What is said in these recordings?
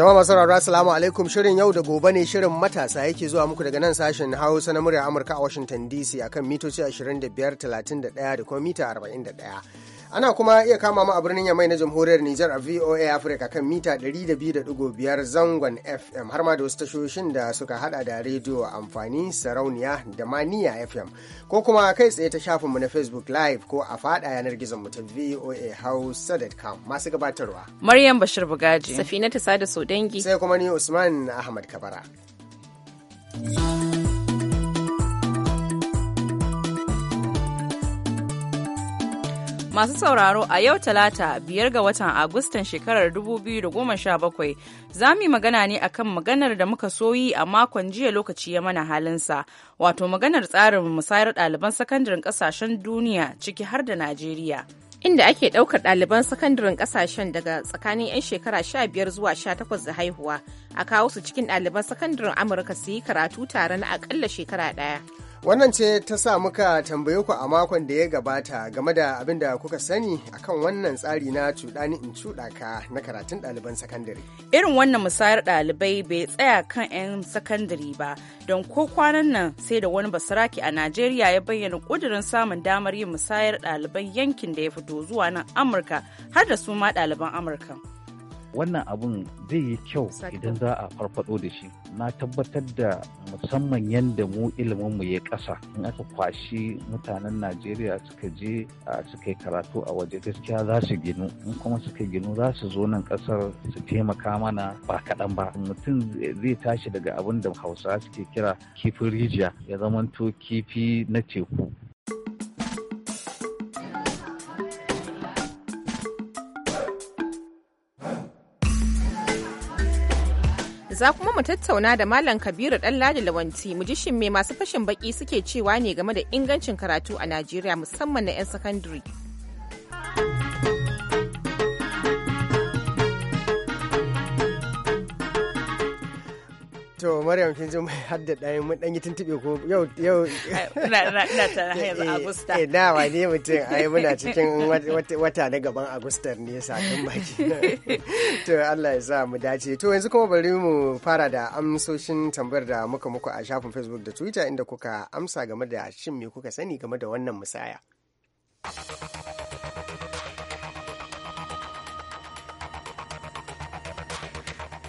Jama'a masu rarra salamu alaikum shirin yau da gobe ne shirin matasa yake zuwa muku daga nan sashen Hausa na murya Amurka a Washington DC akan mitoci 25 31 da kuma mita 41. Ana kuma iya kama mu a birnin Yamai na Jamhuriyar Nijar a VOA Africa kan mita 200.5 zangon FM har ma da wasu tashoshin da suka hada da rediyo amfani sarauniya da maniya FM ko kuma kai tsaye ta shafinmu na Facebook Live ko a fada yanar gizon mu ta VOA Hausa.com masu gabatarwa. Maryam Bashir Bugaji. Safina sada Sodangi. Sai kuma ni Usman Ahmad Kabara. thank Masu sauraro a yau talata biyar ga watan Agustan shekarar 2017 za mu yi magana ne akan maganar da muka soyi a makon jiya lokaci ya mana halinsa wato maganar tsarin musayar ɗaliban sakandaren ƙasashen duniya ciki har da Najeriya. Inda ake ɗaukar ɗaliban sakandaren ƙasashen daga tsakanin 'yan shekara 15 zuwa 18 da haihuwa a kawo su cikin ɗaliban sakandaren Amurka su yi karatu tare na aƙalla shekara ɗaya. Wannan ce ta sa muka tambaye ku a makon da ya gabata game da abin da kuka sani akan wannan tsari na cuɗani in cuɗa ka na karatun ɗaliban sakandare. Irin wannan musayar ɗalibai bai tsaya kan 'yan sakandare ba, don ko kwanan nan sai da wani basaraki a Najeriya ya bayyana ƙudurin samun damar yin musayar ɗaliban yankin da ya fito zuwa nan Amurka har da su ma ɗaliban Amurka. wannan abun zai yi kyau idan za a farfado da shi na tabbatar da musamman yadda mu iliminmu ya ƙasa in aka kwashi mutanen najeriya suka je a suka yi karatu a waje gaskiya za su ginu in kuma suka ginu za su zo nan ƙasar su taimaka mana ba kaɗan ba mutum zai tashi daga abin da hausa suke kira kifin rijiya ya zamanto kifi na teku za kuma mu tattauna da Malam Kabiru Ɗanladi Lawanti mu ji shin me masu fashin baki suke cewa ne game da ingancin karatu a Najeriya musamman na 'yan sakandare. To Maryam kin zo mai hadda ɗaya mun ɗan yi tuntuɓe ko yau yau. Ina ta yanzu eh, Agusta. Eh na wa ne mutum ai muna cikin wata na gaban agusta ne sakin baki. To Allah ya sa mu dace. To yanzu kuma bari mu fara da amsoshin tambayar da muka muku a shafin Facebook da Twitter inda kuka amsa game da shin me kuka sani game da wannan musaya.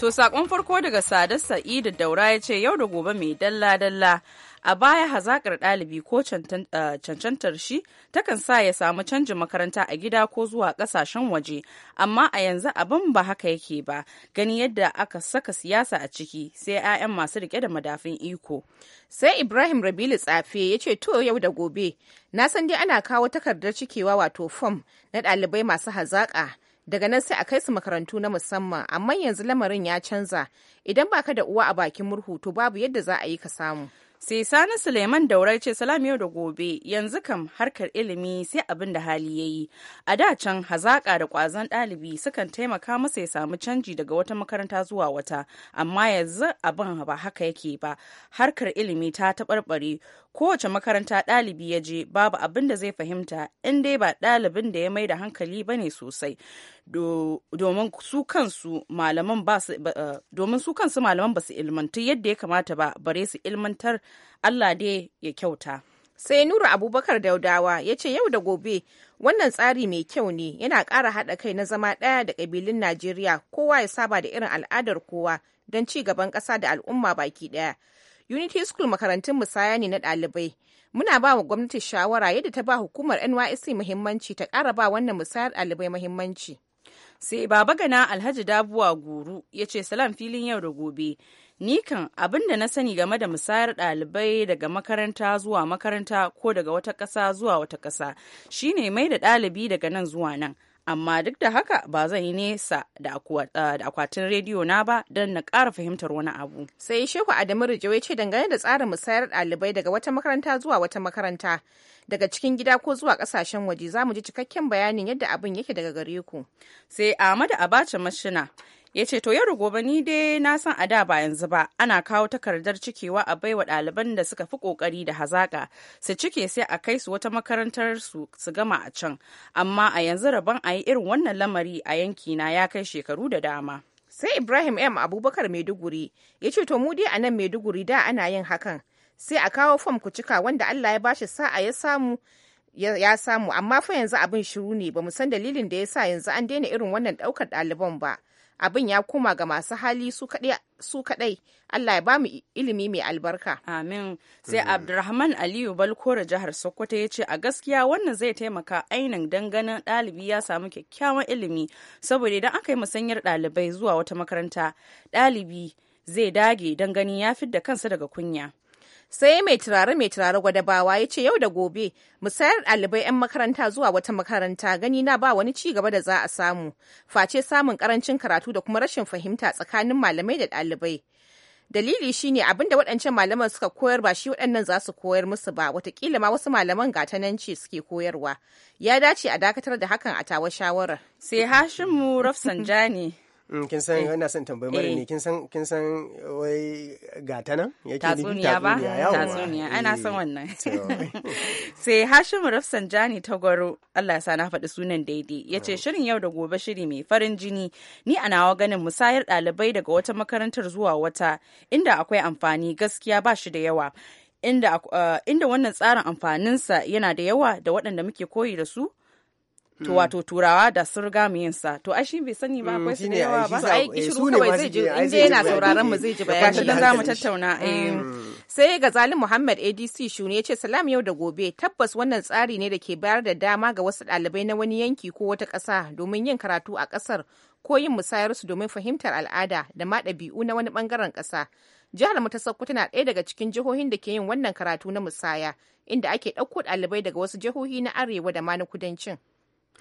To sakon farko daga Sada Sa'idu Daura ya ce yau da gobe mai dalla-dalla a baya hazakar ɗalibi ko eh, cancantar shi takan sa ya samu canjin makaranta a gida ko zuwa ƙasashen waje amma a yanzu abin ba haka yake ba gani yadda aka saka siyasa a ciki sai 'ya'yan masu rike da madafin iko sai ibrahim rabilu tsafe ya ce to yau da gobe na san dai ana kawo takardar cikewa wato fom na ɗalibai masu hazaƙa daga nan sai a kai su makarantu na musamman amma yanzu lamarin ya canza idan baka da uwa a bakin murhu to babu yadda za a yi ka samu sai sani suleiman daurai ce salam yau da gobe yanzu kam harkar ilimi sai abin da hali ya yi a da can hazaƙa da ƙwazon ɗalibi sukan taimaka masa ya samu canji daga wata makaranta zuwa wata amma yanzu abin ba haka yake ba harkar ilimi ta taɓarɓare kowace makaranta ɗalibi ya je babu abin da zai fahimta in dai ba ɗalibin da ya mai da hankali ba ne sosai eh, domin su kansu malaman ba su ilmantu yadda ya kamata ba bare su ilmantar allah dai ya kyauta sai nura abubakar daudawa ya ce yau da gobe wannan tsari mai kyau ne yana ƙara haɗa kai na zama ɗaya da ƙabilun najeriya kowa ya saba da irin al'adar kowa don ci gaban ƙasa da al'umma baki ɗaya Unity School makarantun musaya ne na ɗalibai. Muna ba wa gwamnati shawara yadda ta ba hukumar NYSC muhimmanci ta ƙara ba wannan musayar ɗalibai muhimmanci. Sai baba gana Alhaji Dabuwa Guru ya ce salam filin yau da gobe. Ni kan abin da na sani game da musayar ɗalibai daga makaranta zuwa makaranta ko daga wata ƙasa zuwa wata ƙasa shine mai da ɗalibi daga nan zuwa nan. amma duk da haka ba zan yi nesa da akwatin rediyo na ba don na ƙara fahimtar wani abu. Sai Shehu Adamu Rijo ya ce dangane da tsarin musayar ɗalibai daga wata makaranta zuwa wata makaranta daga cikin gida ko zuwa ƙasashen waje za mu ji cikakken bayanin yadda abin yake daga gare ku. Sai Ahmadu Abacha Mashina ya ce to yau gobe ni dai na san a da ba yanzu ba ana kawo takardar cikewa a baiwa ɗaliban da suka fi ƙoƙari da hazaƙa su cike sai a kai su wata makarantar su su gama a can amma a yanzu rabon a yi irin wannan lamari a yanki na ya kai shekaru da dama sai ibrahim m abubakar maiduguri ya ce to mu dai a nan maiduguri da ana yin hakan sai a kawo fam ku cika wanda allah ya bashi sa'a ya samu ya samu amma fa yanzu abin shiru ne ba san dalilin da ya sa yanzu an daina irin wannan daukar ɗaliban ba abin ya koma ga masu hali su kadai Allah ya bamu ilimi mai albarka. Amin. Sai abdulrahman Aliyu Balkore jihar Sokoto ya ce a gaskiya wannan zai taimaka ainin danganin ɗalibi ya samu kyakkyawan ilimi saboda idan aka yi musanyar ɗalibai zuwa wata makaranta ɗalibi zai dage don gani ya fidda kansa daga kunya. sai mai turare mai turare gwadabawa ya ce yau da gobe musayar ɗalibai 'yan makaranta zuwa wata makaranta gani na ba wani ci gaba da za a samu face samun karancin karatu da kuma rashin fahimta tsakanin malamai da ɗalibai dalili shine abin da waɗancan malaman suka koyar ba shi waɗannan za su koyar musu ba watakila ma wasu malaman gatananci suke koyarwa ya dace a dakatar da hakan a tawa shawarar sai mu rafsanjani Mm. kin san mm. ina son tambayi mara ne eh. kin san wai gata nan tatsuniya ba tatsuniya ana son eh. wannan sai Hashimu Rafsanjani Tagwaro Allah ya sa na faɗi sunan daidai Ya ce mm. shirin yau da gobe shiri mai farin jini ni a wa ganin musayar ɗalibai daga wata makarantar zuwa wata inda akwai amfani gaskiya ba shi da yawa inda, uh, inda wannan tsarin amfaninsa yana da yawa da waɗanda muke koyi da su Mm. to wato turawa da surga riga mu yin to ai shi bai sani ba mm, akwai su da yawa ba ai shiru eh, kawai zai ji inda yana sauraron mu zai ji bayani dan zamu tattauna eh. mm. sai ga zalim Muhammad ADC shune ya ce salam yau da gobe tabbas wannan tsari ne da ke bayar da dama ga wasu dalibai na wani yanki ko wata kasa domin yin karatu a kasar ko yin musayarsu domin fahimtar al'ada da ma ɗabi'u na wani bangaren ƙasa jihar mu ta Sokoto na ɗaya daga cikin jihohin da ke yin wannan karatu na musaya inda ake ɗauko ɗalibai daga wasu jihohi na arewa da ma na kudancin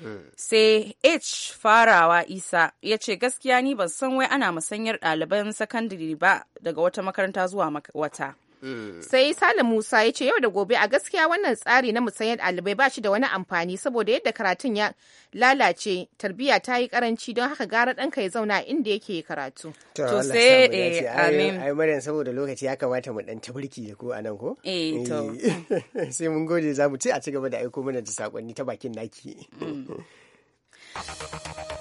Eh. sai h farawa isa ya ce gaskiya ni ban san wai ana musanyar ɗaliban sakandare ba daga wata makaranta zuwa wata Mm. Sai Sale Musa ya ce yau da gobe a gaskiya wannan tsari na musayar ɗalibai ba shi da wani amfani saboda yadda karatun ya lalace tarbiyya ta yi karanci don haka gara ɗanka ya zauna inda yake karatu. To sai eh amin. Ai Maryam saboda lokaci ya kamata mu ɗan tabarki da ku a nan ko? Eh to. Eh, sai mun gode za mu ci a ci gaba da aiko mana da sakonni ta bakin naki. Mm.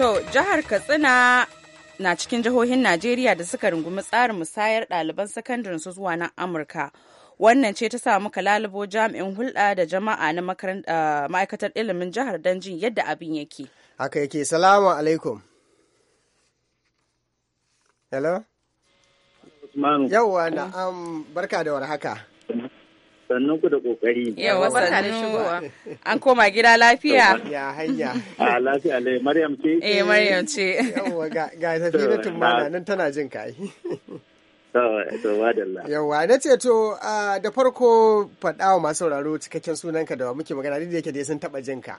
To, jihar Katsina na cikin jihohin Najeriya da suka rungumi tsarin musayar ɗaliban sakandare su zuwa na Amurka. Wannan ce ta sa muka lalubo jami'in hulɗa da jama'a na ah, ma'aikatar ilimin jihar don jin yadda abin yake. Haka yake, salamu alaikum. Hello? Yawwa na'am barka da warhaka. sannan ku da kokari yawa barka da shigowa an koma gida lafiya ya hanya. a ah, lafiya lai maryam ce eh maryam ce yawa ga ga safinatu mana nan tana jin kai Yawwa na ce to ah, da farko faɗa wa masu sauraro cikakken sunanka da muke magana duk da yake dai sun taɓa ka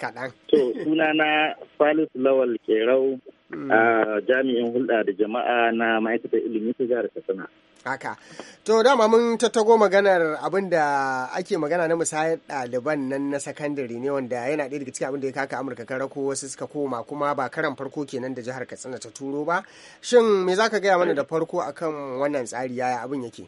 kaɗan. To sunana falis Lawal Kerau mm. ah, jami'in hulɗa da jama'a na ma'aikatar ilimi ta jihar Katsina. haka to dama mun tattago maganar abin da ake magana na musayar ɗaliban nan na sakandare ne wanda yana ɗaya daga cikin abin da ya kaka amurka kan rako wasu suka koma kuma ba karan farko kenan da jihar katsina ta turo ba shin me zaka gaya mana da farko akan wannan tsari yaya abin yake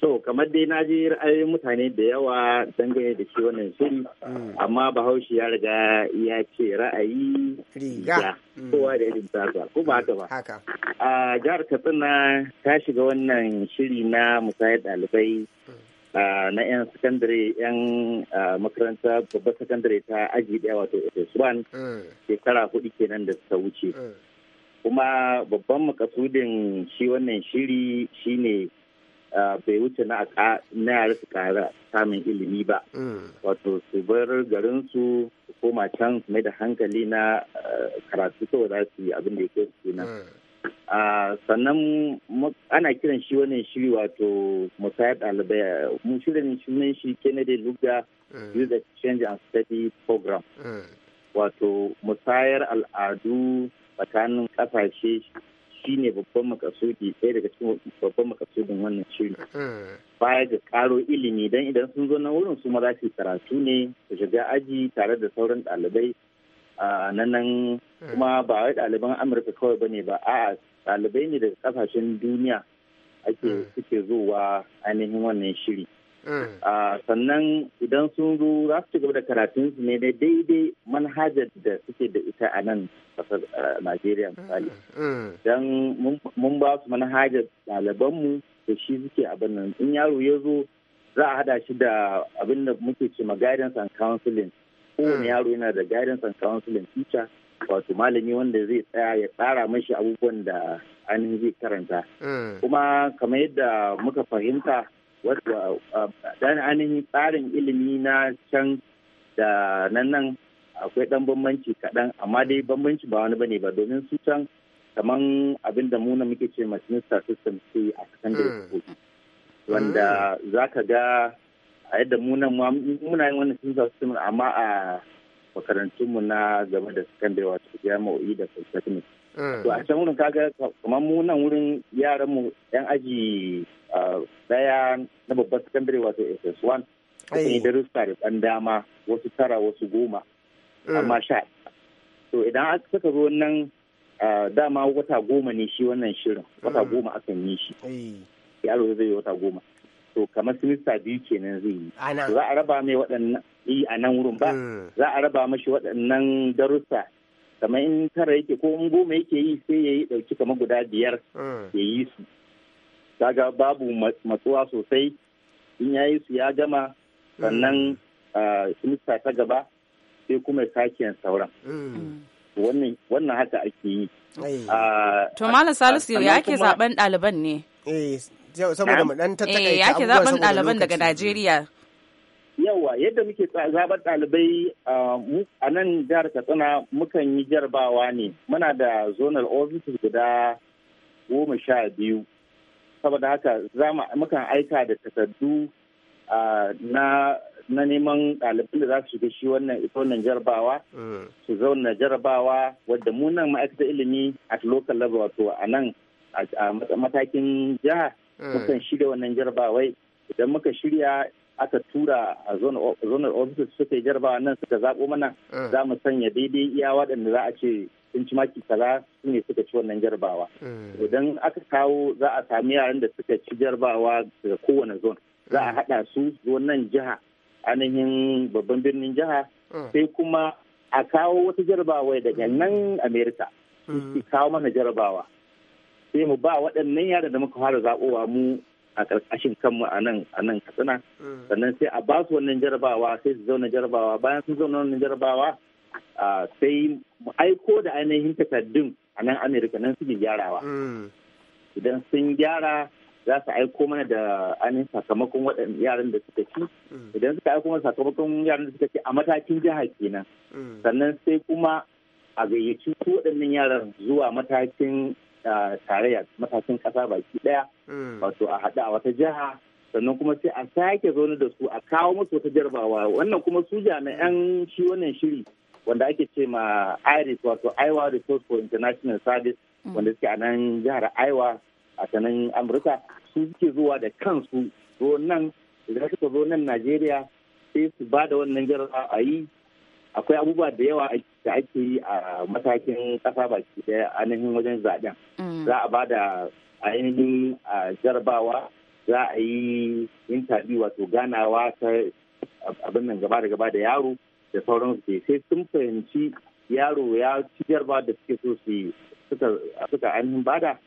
To kamar dai na ji ra'ayoyin mutane da yawa dangane da shi wannan shiri mm. amma bahaushe ya riga ya ce ra'ayi riga mm. kowa da irin tasa ko ba haka ba. A jihar Katsina ta shiga wannan shiri na musayar dalibai mm. na 'yan sakandare 'yan makaranta babbar sakandare ta aji daya wato SS1 shekara hudu kenan da suka wuce. Kuma babban makasudin shi wannan shiri shine bai wuce na yare su kara samun ilimi ba mm. wato su bar garin su koma can mai da hankali na karatu kawai za su yi abin da yake su nan mm. sannan ana kiran shi wannan shiri wato musayar ɗalibai mun shirin sunan shi kennedy luga mm. youth exchange and study program wato musayar al'adu tsakanin ƙasashe shi ne babban makasudi ɗaya daga cikin babban makasudin wannan shiri eh. baya ga karo ilimi don idan sun zo na wurin su ma za karatu ne su shiga aji tare da sauran ɗalibai a nan eh. kuma ba wai ɗaliban amurka kawai ba ne ba a ɗalibai ne daga ƙasashen duniya ake eh. suke zowa ainihin wannan shiri Eh. Ah, sannan idan sun zo za su ci gaba da karatun su ne na daidai manhajar da suke da ita a nan kasar ah, Najeriya misali. Eh, eh. Don mun ba su manhajar ɗalibanmu da shi suke abin nan. In yaro ya zo za a hada shi da abin da muke ce ma guidance and counseling. Kowane yaro yana da guidance and counseling teacher wato malami wanda zai tsaya ya tsara mashi abubuwan da ainihin zai karanta. Kuma kamar yadda muka fahimta Um, dan ainihin tsarin ilimi na can da nan nan akwai dan bambanci kaɗan amma dai bambanci ba wani bane ba domin su can kaman abin da muna muke ce masnista system ce a da mm. wanda mm. za ka ga a yadda muna muna yin wannan system amma a makarantunmu na game da secondary jami'o'i da polytechnic eh. to a can wurin kaga kamar mu nan wurin yaran mu yan aji daya na babban secondary wato ss1 sun yi darussa da ɗan dama wasu tara wasu goma eh. amma sha to idan aka saka zo nan dama wata goma ne shi wannan shirin wata mm. goma aka yi shi ya lura zai yi wata goma to kamar sinista biyu kenan zai yi za a raba mai waɗannan yi a nan wurin ba eh. za a raba mashi waɗannan darussa kamar in tara yake ko in goma yake yi sai ya yi ɗauki kamar guda biyar eh. ya yi su kaga babu matsuwa sosai in ya yi su ya gama eh. sannan sinista ta gaba sai kuma sakiyan sauran eh. wannan haka ake yi to malam salisu ya ke zaben ɗaliban ne saboda mu dan tattaka ke zaben ɗaliban daga Najeriya yawa yadda muke zabar ɗalibai a nan jihar katsina mukan yi jarbawa ne muna da zonal offices guda goma sha biyu saboda haka mukan aika da takardu na neman ɗalibai da za su shiga shi wannan wannan jarabawa mm. su zauna jarbawa, wadda mu nan ma'aikatar ilimi at local level wato a nan a matakin jiha mm. mukan shirya wannan jarbawai, idan muka shirya aka tura a zonar ofisar suka yi jarabawa nan suka zaɓo mana eh. za mu sanya daidai iya waɗanda za a ce sun ci maki kaza su ne suka ci wannan jarbawa. Eh. idan aka kawo za a sami yaran da suka ci jarbawa daga kowane zone za a eh. haɗa su wannan jiha ainihin babban birnin jiha sai kuma a kawo wata jarabawa daga nan america su kawo mana jarabawa sai mu ba waɗannan yaran da muka fara zaɓowa mu a ƙarƙashin kanmu a nan a nan katsina mm. sannan sai a basu wannan jarabawa sai su zauna jarabawa bayan sun zauna wannan jarabawa sai mu aiko da ainihin takardun a nan amerika nan suke gyarawa mm. idan sun gyara za su aiko mana da ainihin sakamakon waɗannan yaran da suka ci mm. idan suka aiko mana sakamakon yaran da suka ci a matakin jiha kenan sannan sai kuma a gayyaci su waɗannan yaran zuwa matakin tarayya matakin kasa baki daya mm. wato a haɗu a wata jiha sannan kuma sai a sake zaune da su a kawo musu wata jarbawa wannan kuma su jami'an shi wannan shiri wanda ake ce ma iris wato iowa resource for international service mm. wanda suke a nan jihar iowa a sanan amurka su suke zuwa da kansu zo nan idan suka zo nan najeriya sai su ba da wannan jarabawa a yi akwai abubuwa da yawa da ake yi a matakin ƙasa baki daya ainihin wajen zaɓen mm. za a ba da ainihin jarabawa za a yi intabi wato ganawa ta abin nan gaba da gaba da yaro da sauran su sai sun fahimci yaro ya ci jarba da suke so su suka ainihin bada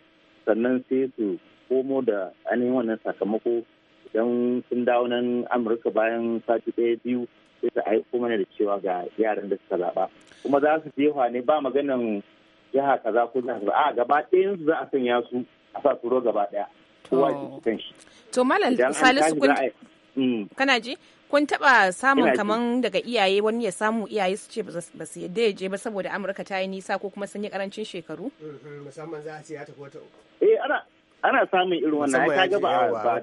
sannan sai su komo da ainihin wannan sakamako idan sun dawo nan amurka bayan sati ɗaya biyu sai su aiko mana da cewa ga yaran da suka zaɓa kuma za su jefa ne ba maganan jiha kaza ko jiha kaza a gaba ɗayan za a sanya su a sa turo gaba ɗaya kowa ya kan shi to malal salisu kun mm. kana ji kun taba samun kaman daga iyaye wani ya samu iyaye su ce ba su yadda ya je ba saboda amurka ta yi nisa ko kuma sun yi karancin shekaru mm, mm, musamman za a uku eh ana ana samun irin wannan ai ta ba ba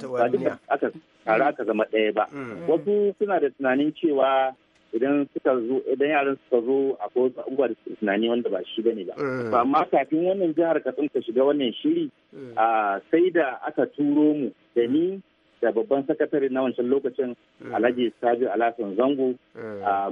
aka tare aka zama ɗaya ba mm. wasu suna da tunanin cewa idan suka zo idan yaran suka zo a ko abubuwa da tunani wanda ba shi bane ba mm. amma kafin wannan jihar katsin ta shiga wannan shiri mm. sai da aka turo mu da ni da babban sakatare na wancan lokacin alhaji sabi alhassan zango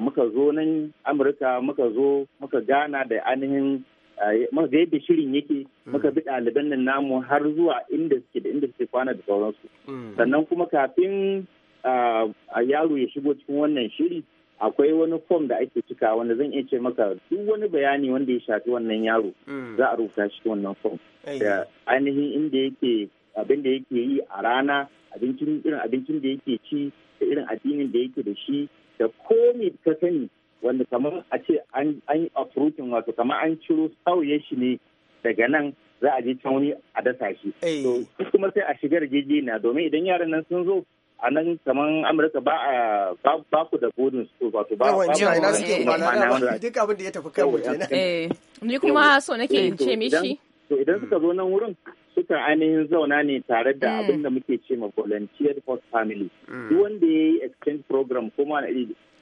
muka zo nan amurka muka zo muka gana da ainihin Eh, muka ga yadda shirin yake hmm. muka bi ɗaliban nan namu har zuwa inda suke da inda suke kwana da sauransu hmm. sannan kuma kafin eh, yaro ya shigo cikin wannan shiri akwai wani fom da ake cika wanda zan iya ce maka duk wani bayani wanda ya shafi wannan yaro hmm. za a rubuta shi wannan fom da ainihin inda yake abin da yake yi a rana abincin irin abincin da yake ci da irin addinin da yake da shi da komai ka sani wanda kamar a ce an yi uprooting wato kamar an ciro sauye shi ne daga nan za a je can wani a dasa shi. Eh. To kuma sai a shigar na domin idan yaran nan sun zo a nan kamar Amurka ba a ba ku da godin su wato ba ba ba ina suke kwana duk abin da ya tafi kan waje eh, Ni kuma so nake eh, ce mishi. To idan suka zo nan wurin sukan ainihin zauna ne tare da mm. abin da muke ce ma volunteer host family. Mm. Duk wanda ya yi exchange program kuma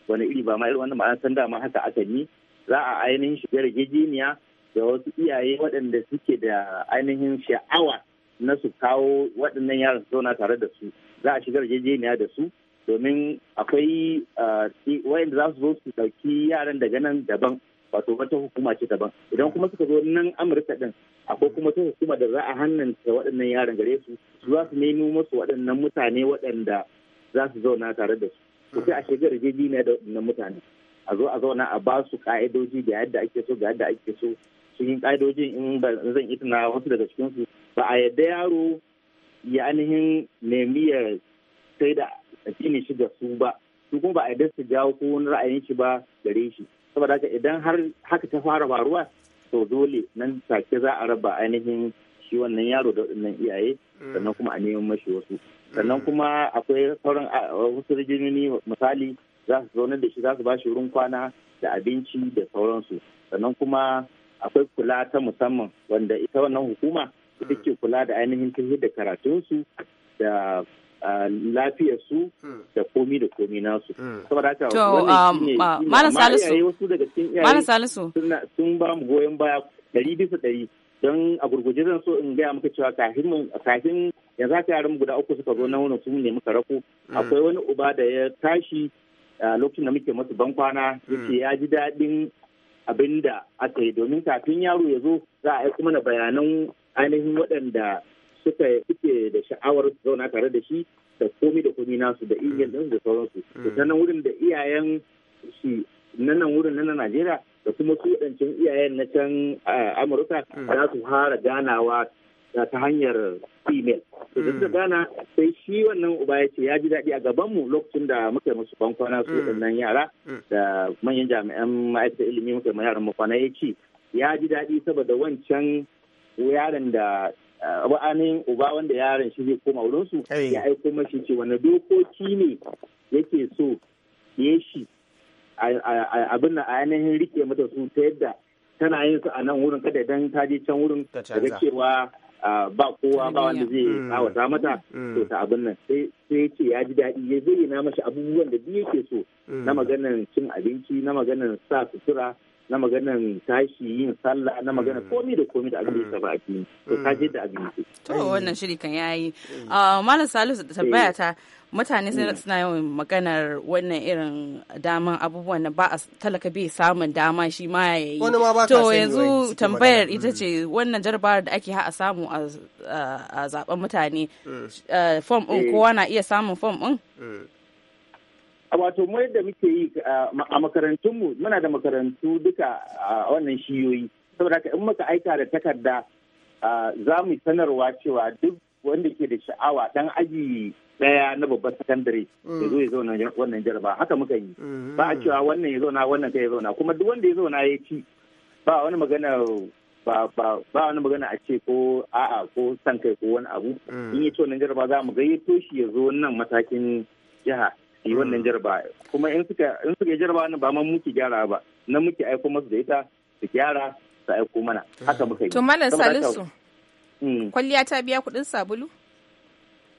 wani iri ba ma irin wanda ma'ana san ma haka aka yi za a ainihin shiga yarjejeniya da wasu iyaye waɗanda suke da ainihin sha'awa na su kawo waɗannan yaran su zauna tare da su za a shiga yarjejeniya da su domin akwai eh, wayanda za su zo su ɗauki yaran daga nan daban wato wata hukuma ce daban idan kuma suka zo nan amurka ɗin akwai kuma ta hukuma da za a hannanta waɗannan yaran gare su su za su nemo musu waɗannan mutane waɗanda za su zauna tare da su to sai a shiga yarjejeniya na na mutane a zo a zauna a ba su ka'idoji da yadda ake so da yadda ake so sun yi ka'idojin in ba zan yi tuna wasu daga cikinsu ba a yadda yaro ya ainihin nemi ya sai da addini shi ga su ba su kuma ba a yadda su jawo ko wani ra'ayin shi ba gare shi saboda haka idan har haka ta fara faruwa to dole nan take za a raba ainihin shi wannan yaro da wannan iyaye mm. sannan kuma a neman mashi wasu mm. sannan kuma akwai sauran wasu rigimini misali za su zaunar da shi za su ba shi wurin kwana da abinci da sauransu sannan kuma akwai kula ta musamman wanda ita wannan hukuma ita mm. ke kula da ainihin tafiye da karatunsu da lafiyarsu da komi da komi nasu. Saboda haka wannan um, shi ne wasu daga cikin sun ba mu goyon baya bisa don a gurguje zan so in gaya maka cewa kafin yanzu haka yaran guda uku suka zo na wani sun nemi muka rako mm. akwai wani uba da ya tashi a lokacin da muke masu ban kwana mm. ya ji daɗin abin da aka yi domin kafin yaro ya zo za a yi mana bayanan ainihin waɗanda suka suke da sha'awar zauna tare da shi da komi da komi nasu da iyayen mm. da sauransu. Da nan wurin da iyayen shi nan wurin na Najeriya da kuma su waɗancan iyayen na can amurka mm. za su fara ganawa ta hanyar email to duk da mm. gana sai shi wannan uba ya ce ya ji daɗi a gaban mu lokacin da muka yi musu bankwana su mm. waɗannan yara da manyan jami'an ma'aikatar ilimi muka yi yaran makwana ya ce ya ji daɗi saboda wancan yaran da ainihin uba wanda yaron shi zai koma wurinsu ya aiko mashi ce wani dokoki ne yake so ya shi abin na yanayin rike mata su ta yadda tana yin su a nan wurin kada idan ta je can wurin daga cewa ba kowa ba wanda zai kawata mm. mata mm. to ta abin nan sai sai ya ce ya ji daɗi ya zayyana mashi abubuwan da duk yake so na mm. maganar cin abinci na maganar sa sutura na maganar tashi yin sallah na maganar mm. komi da komi da abin da ba a cikin to ka je da abin to wannan shiri kan yayi mm. ah, malam salisu da tabbaya eh. ta mutane suna yawan maganar wannan irin daman abubuwan na ba a talaka bai samun dama shi ma ya yi to yanzu tambayar ita ce wannan jarabawar da ake ha a samu a a zaben mutane eh. fom ɗin eh. kowa na iya samun fom ɗin? Eh. wato mu yadda muke yi a makarantunmu muna da makarantu duka a wannan shiyoyi saboda haka in muka aika da takarda za mu sanarwa cewa duk wanda ke da sha'awa dan aji daya na babban sakandare hmm. ya zo ya zauna wannan jaraba haka muka yi hmm. ba a cewa wannan ya zauna wannan kai ya zauna kuma duk wanda ya zauna ya ci ba wani magana ba ba wani magana a ce ko a'a ko san kai ko wani abu mm. in yi wannan jaraba za mu gayyato shi ya zo wannan matakin jiha yi mm. wannan jaraba kuma in suka yi jaraba ba ma muke gyara ba na muke aiko masu da ita su gyara su aiko mana mm. haka muka yi to malam salisu kwalliya ta biya kuɗin sabulu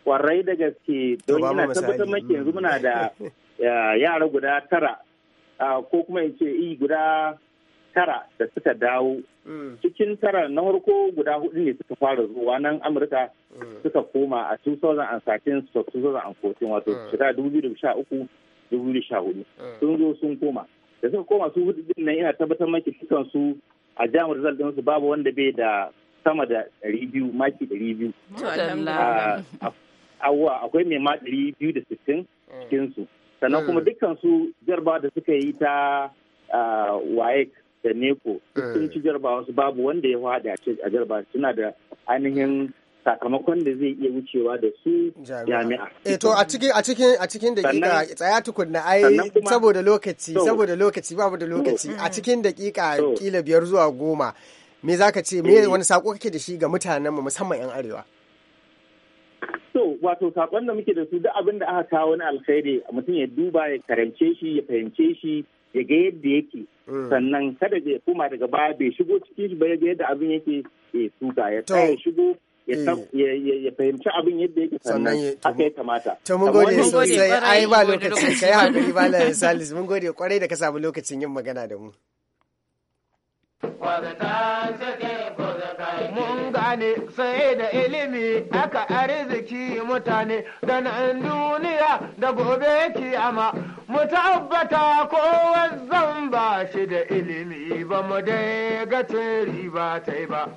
kwarai da gaske don yana tabbatar maki yanzu muna da eh, yara guda tara ah, ko kuma in ce i guda tara da suka dawo mm. cikin tara na farko guda hudu ne suka fara zuwa nan amurka mm. suka koma a 2013 to 2014 wato mm. shekara 2013 2014 sun zo sun koma da suka koma su hudu din nan ina tabbatar maki dukan su a jami'ar result din su babu wanda bai da sama da 200 maki 200 awa akwai mai ma 260 cikin su sannan kuma dukkan su jarba da suka yi ta ah, waye da neko sun eh. ci jarba su babu wanda ya hada a jarba suna da ainihin sakamakon da zai iya wucewa da su jami'a. E to a cikin a cikin a cikin dakika tsaya tukunna ai saboda lokaci saboda lokaci babu da lokaci a cikin dakika kila biyar zuwa goma me zaka ce me eh. wani sako kake da shi ga mutanen mu musamman yan arewa. so wato sakon da muke da su duk abin da aka kawo na alkhairi mutum ya duba ya karance shi ya fahimce shi ya ga yadda yake mm. sannan kada ya kuma daga baya bai shigo ciki ba ya ga yadda abin yake ya tuka ya tsaya shigo eh. ya fahimci abin yadda yake sannan haka ya kamata. To mun gode sosai ai ba lokaci kai hakuri ba la salis mun gode kwarai da ka samu lokacin yin magana da mu. Mun gane sai da ilimi aka arziki mutane da nan duniya da gobe kiyama mu tabbata ko zan ba shi da ilimi ba mu dai ga riba ta ba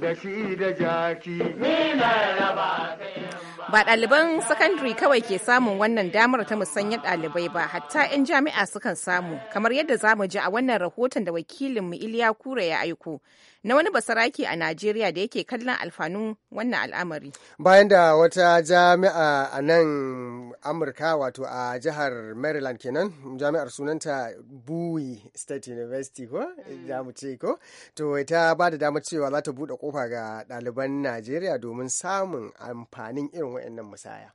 da shi da jaki. Ni na raba sai. Ba ɗaliban sakandare kawai ke samun wannan damar ta musanyar ɗalibai ba, hatta 'yan jami'a sukan samu, kamar yadda za mu ji a wannan rahoton da wakilinmu Iliya Kura ya aiko. na wani basaraki a Najeriya da yake kallon alfanun wannan al'amari. Bayan da wata jami'a a nan Amurka wato a jihar Maryland kenan jami'ar sunanta Bui State University ko mm. za mu ce ko to ta ba da damar cewa za ta buɗe ƙofa ga ɗaliban Najeriya domin samun amfanin irin waɗannan musaya.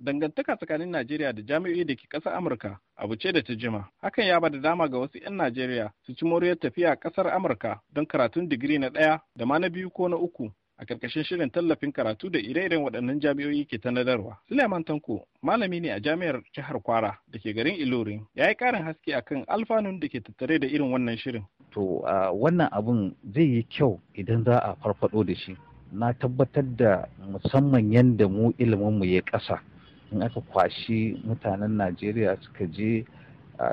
dangantaka tsakanin Najeriya da jami'o'i da ke ƙasar Amurka abu ce da ta jima. Hakan ya bada dama ga wasu 'yan Najeriya su ci moriyar tafiya ƙasar Amurka don karatun digiri na ɗaya da ma na biyu ko na uku a ƙarƙashin shirin tallafin karatu da ire-iren waɗannan jami'o'i ke tanadarwa. Suleiman Tanko malami ne a jami'ar jihar Kwara da ke garin Ilorin ya yi ƙarin haske a kan alfanun da ke tattare da irin wannan shirin. To wannan abun zai yi kyau idan za a farfaɗo da shi. Na tabbatar da musamman yadda mu iliminmu ya ƙasa in aka kwashi mutanen najeriya suka je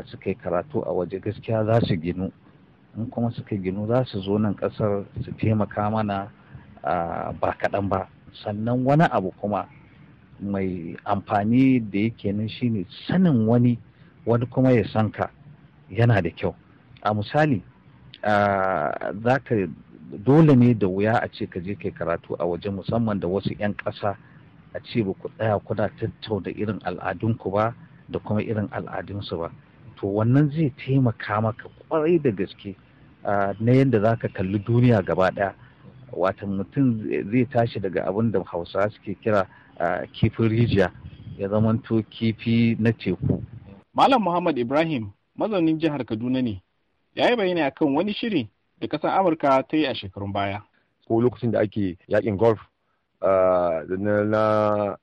suka yi karatu a waje gaskiya za su ginu in kuma suka ginu za su zo nan kasar su taimaka mana ba kaɗan ba sannan wani abu kuma mai amfani da yake nan shine sanin wani wani kuma ya san ka yana da kyau a misali za ka dole ne da wuya a ce ka je kai karatu a waje musamman da wasu 'yan ƙasa a ce ba ku tsaya kuna tattauna irin al'adunku ba da kuma irin al'adunsu ba to wannan zai taimaka maka kwarai da gaske na yadda za ka kalli duniya gaba ɗaya wata mutum zai tashi daga abin da hausa suke kira kifin rijiya ya zamanto kifi na teku malam muhammad ibrahim mazaunin jihar kaduna ne ya yi bayani kan wani shiri da kasar amurka ta yi a shekarun baya ko lokacin da ake yakin golf Ah, na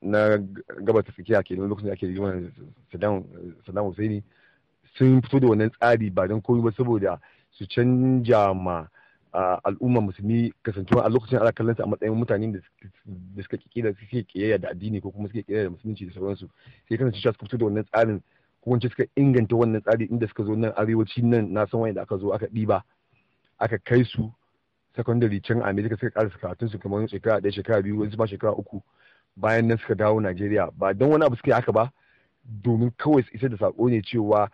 na gaba ta tsakiya ke lokacin da ake rigimar saddam hussein sun fito da wannan tsari ba don komi ba saboda su canja ma al'umma musulmi kasancewa a lokacin ana kallon a matsayin mutane da suka da suke kiyaya da addini ko kuma suke kiyaya da musulunci da sauransu sai cewa suka fito da wannan tsarin ko wance suka inganta wannan tsari inda suka zo nan arewaci nan na san wani da aka zo aka ɗiba aka kai su secondary can america suka karasa karatun su kamar shekara ɗaya shekara biyu wasu ba shekara uku bayan nan suka dawo nigeria ba don wani abu suka yi haka ba domin kawai su isa da sako ne cewa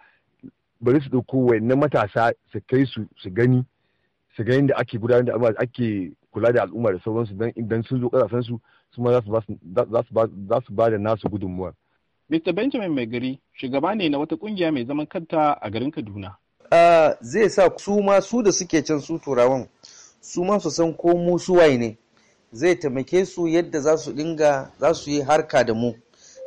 bari su ɗauko na matasa su kai su su gani su gani da ake gudanar da al'umma ake kula da al'umma da sauransu don idan sun zo ƙasashen su su ma za su ba da nasu gudunmuwa. Mr. Benjamin Mai gari shugaba ne na wata kungiya mai zaman kanta a garin Kaduna. Ah, zai sa su ma su da suke can su turawan su ma su san ko mu suwaye ne zai taimake su yadda za su dinga za su yi harka da mu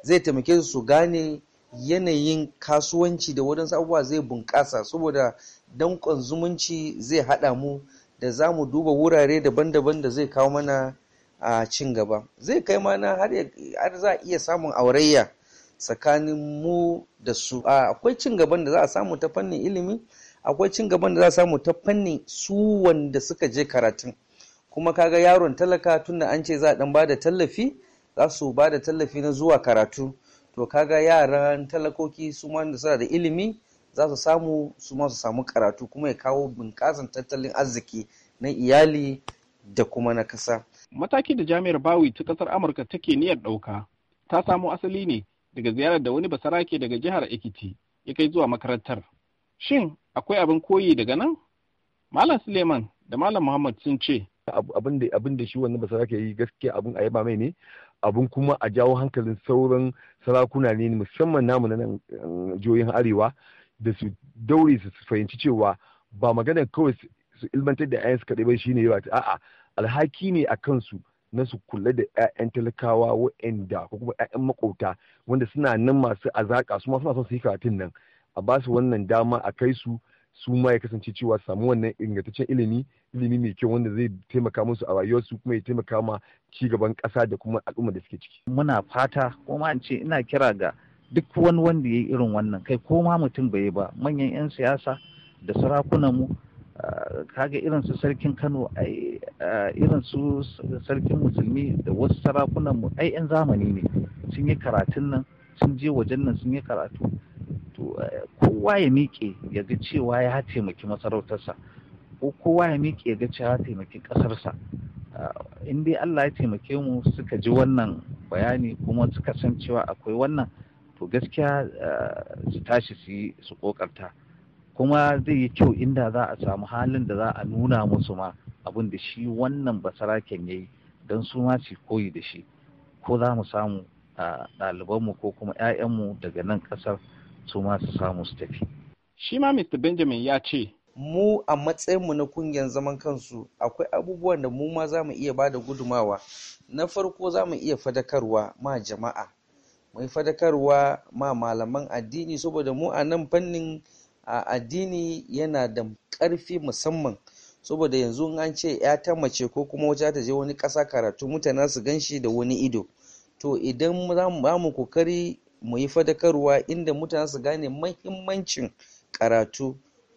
zai taimake su su gane yanayin kasuwanci da wadansu abubuwa zai bunƙasa saboda danƙon zumunci zai haɗa mu da za mu duba wurare daban-daban da zai kawo mana a cin gaba zai kai mana har za a iya samun aurayya tsakanin mu da su akwai cin gaban da za a samu ta fannin ilimi akwai cin gaban da za samu ta fanni su wanda suka je karatun kuma kaga yaron talaka tunda an ce za a dan bada tallafi za su da tallafi na zuwa karatu to kaga yaran talakoki su ma da suna da ilimi za su samu su ma su samu karatu kuma ya kawo bunƙasan tattalin arziki na iyali da kuma na kasa. Mataki da jami'ar Bawi ta ƙasar Amurka take niyyar ɗauka ta samo asali ne daga ziyarar da wani basarake daga jihar Ekiti ya kai zuwa makarantar. Shin akwai abin koyi daga nan malam suleiman da malam muhammad sun ce abin da shi wannan basara ke yi gaskiya abin a yaba mai ne abin kuma a jawo hankalin sauran sarakuna ne musamman namu na nan um, jihohin arewa da su daure su fahimci cewa ba magana kawai su ilmantar da 'ya'yansu kaɗai ba shi ne yawa a'a alhaki ne a kansu na su kula da 'ya'yan talakawa wa'anda ko kuma 'ya'yan maƙota, wanda suna nan masu azaƙa su ma suna son su yi karatun nan a ba su wannan dama a kai su su ma ya kasance cewa samu wannan ingantaccen ilimi ilimi mai kyau wanda zai taimaka musu a rayuwarsu kuma ya taimaka ma ci gaban ƙasa da kuma al'umma da suke ciki. Muna fata kuma an ce ina kira ga duk wani wanda ya yi irin wannan kai ko ma mutum bai yi ba manyan 'yan siyasa da sarakunan mu ah, kaga irin su sarkin Kano ah, irin su sarkin musulmi da wasu sarakunan mu ai 'yan zamani ne sun yi karatun nan sun je wajen nan sun yi karatu to eh, kowa ya miƙe ya ga cewa ya taimaki masarautarsa ko kowa ya miƙe ya ga cewa ya taimaki ƙasarsa eh, in dai Allah ya taimake mu suka ji wannan bayani kuma suka san cewa akwai wannan to gaskiya eh, su tashi su yi su kokarta kuma zai yi kyau inda za a samu halin da za a nuna musu ma abin da shi wannan basaraken ya yi don su ma su koyi da shi ko za mu samu ɗalibanmu ko kuma 'ya'yanmu daga nan ƙasar su ma su samu su tafi. Shi ma Mr. Benjamin ya ce, Mu a matsayinmu na kungiyar zaman kansu akwai abubuwan da mu ma za mu iya ba da gudumawa. Na farko za mu iya fadakarwa ma jama'a. Mu yi fadakarwa ma malaman addini saboda mu a nan fannin addini yana da ƙarfi musamman. saboda yanzu an ce ya ta mace ko kuma wata ta je wani ƙasa karatu mutane su ganshi da wani ido to idan za mu kokari mu yi fadakarwa inda mutane su gane mahimmancin karatu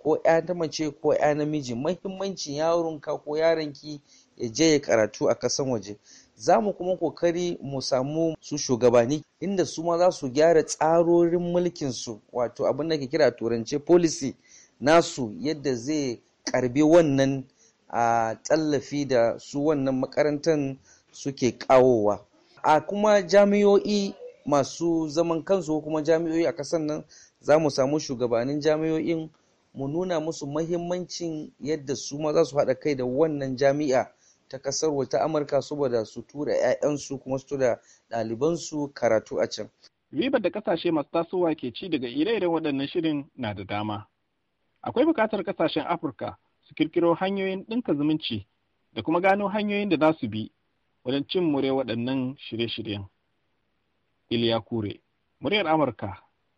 ko ya ta mace ko ya namiji mahimmancin yaronka ko yaronki ya je ya karatu a kasan waje za mu kuma kokari mu samu su shugabanni inda su ma za su gyara tsarorin mulkinsu wato abin da ke kira turance policy nasu yadda zai karbi wannan a tallafi da su wannan makarantar suke kawowa a kuma jami'o'i masu zaman kansu kuma jami'o'i a ƙasar nan za mu samu shugabannin jami'o'in mu nuna musu mahimmancin yadda su ma za su haɗa kai da wannan jami'a ta ƙasar wata amurka saboda su tura 'ya'yansu kuma su tura ɗalibansu karatu a can ribar da ƙasashe masu tasowa ke ci daga ire-iren waɗannan shirin na da dama akwai buƙatar ƙasashen afirka su kirkiro hanyoyin ɗinka zumunci da kuma gano hanyoyin da za su bi wajen cin mure waɗannan shirye-shiryen Iliya Kure, muryar Amurka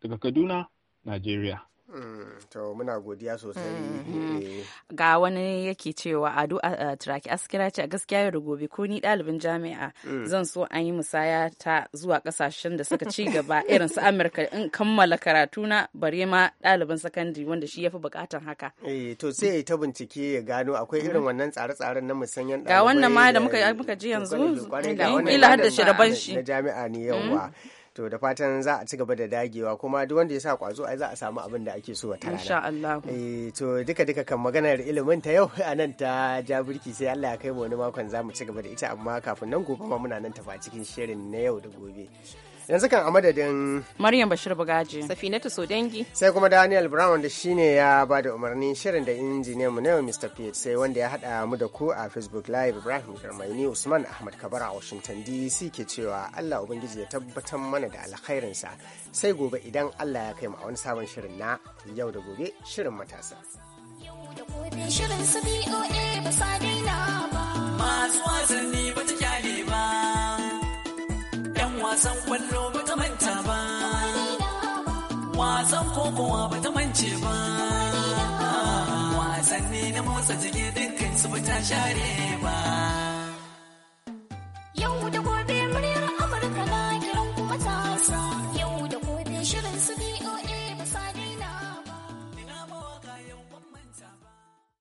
daga Kaduna, Najeriya. Mm, to muna godiya sosai mm-hmm. eh. ga wani yake cewa ado a turaki askira ce a gaskiya yau gobe ko ni ɗalibin jami'a mm. zan so an yi musaya ta zuwa ƙasashen da suka ci gaba irin su amurka in kammala karatu na bare ma ɗalibin sakandare wanda shi ya fi buƙatan haka eh to sai ta bincike ya gano akwai mm-hmm. irin wannan tsare-tsaren na musanyen ga wannan ma da eh, muka ji yanzu ga wannan da shi da jami'a ne yawa mm-hmm. to da fatan za a ci gaba da dagewa kuma duk wanda ya sa kwazo ai za a samu abin da ake so a tarana insha Allah eh to duka duka kan maganar ilimin ta yau anan ta jaburki sai Allah ya kai mu wani makon za mu ci gaba da ita amma kafin nan gobe ma muna nan tafa cikin shirin na yau da gobe yanzu kan a madadin maryam bashir bugaji safinatu dangi. sai kuma daniel brown da shine ya ba da umarni shirin da injiniyan mu na mr pete sai wanda ya hada mu da ku a facebook live ibrahim garmaini usman ahmad kabara a washington dc ke cewa allah ubangiji ya tabbatar mana da alkhairinsa sai gobe idan allah ya kai mu a wani sabon shirin na yau da gobe shirin matasa Masu wasanni ba ta wasan kwallo ba ta manta ba wasan kokowa ba ta mance ba wasanni na motsa jiki dukkan su ta share ba yau da gobe muryar amurka na kiran kuma ta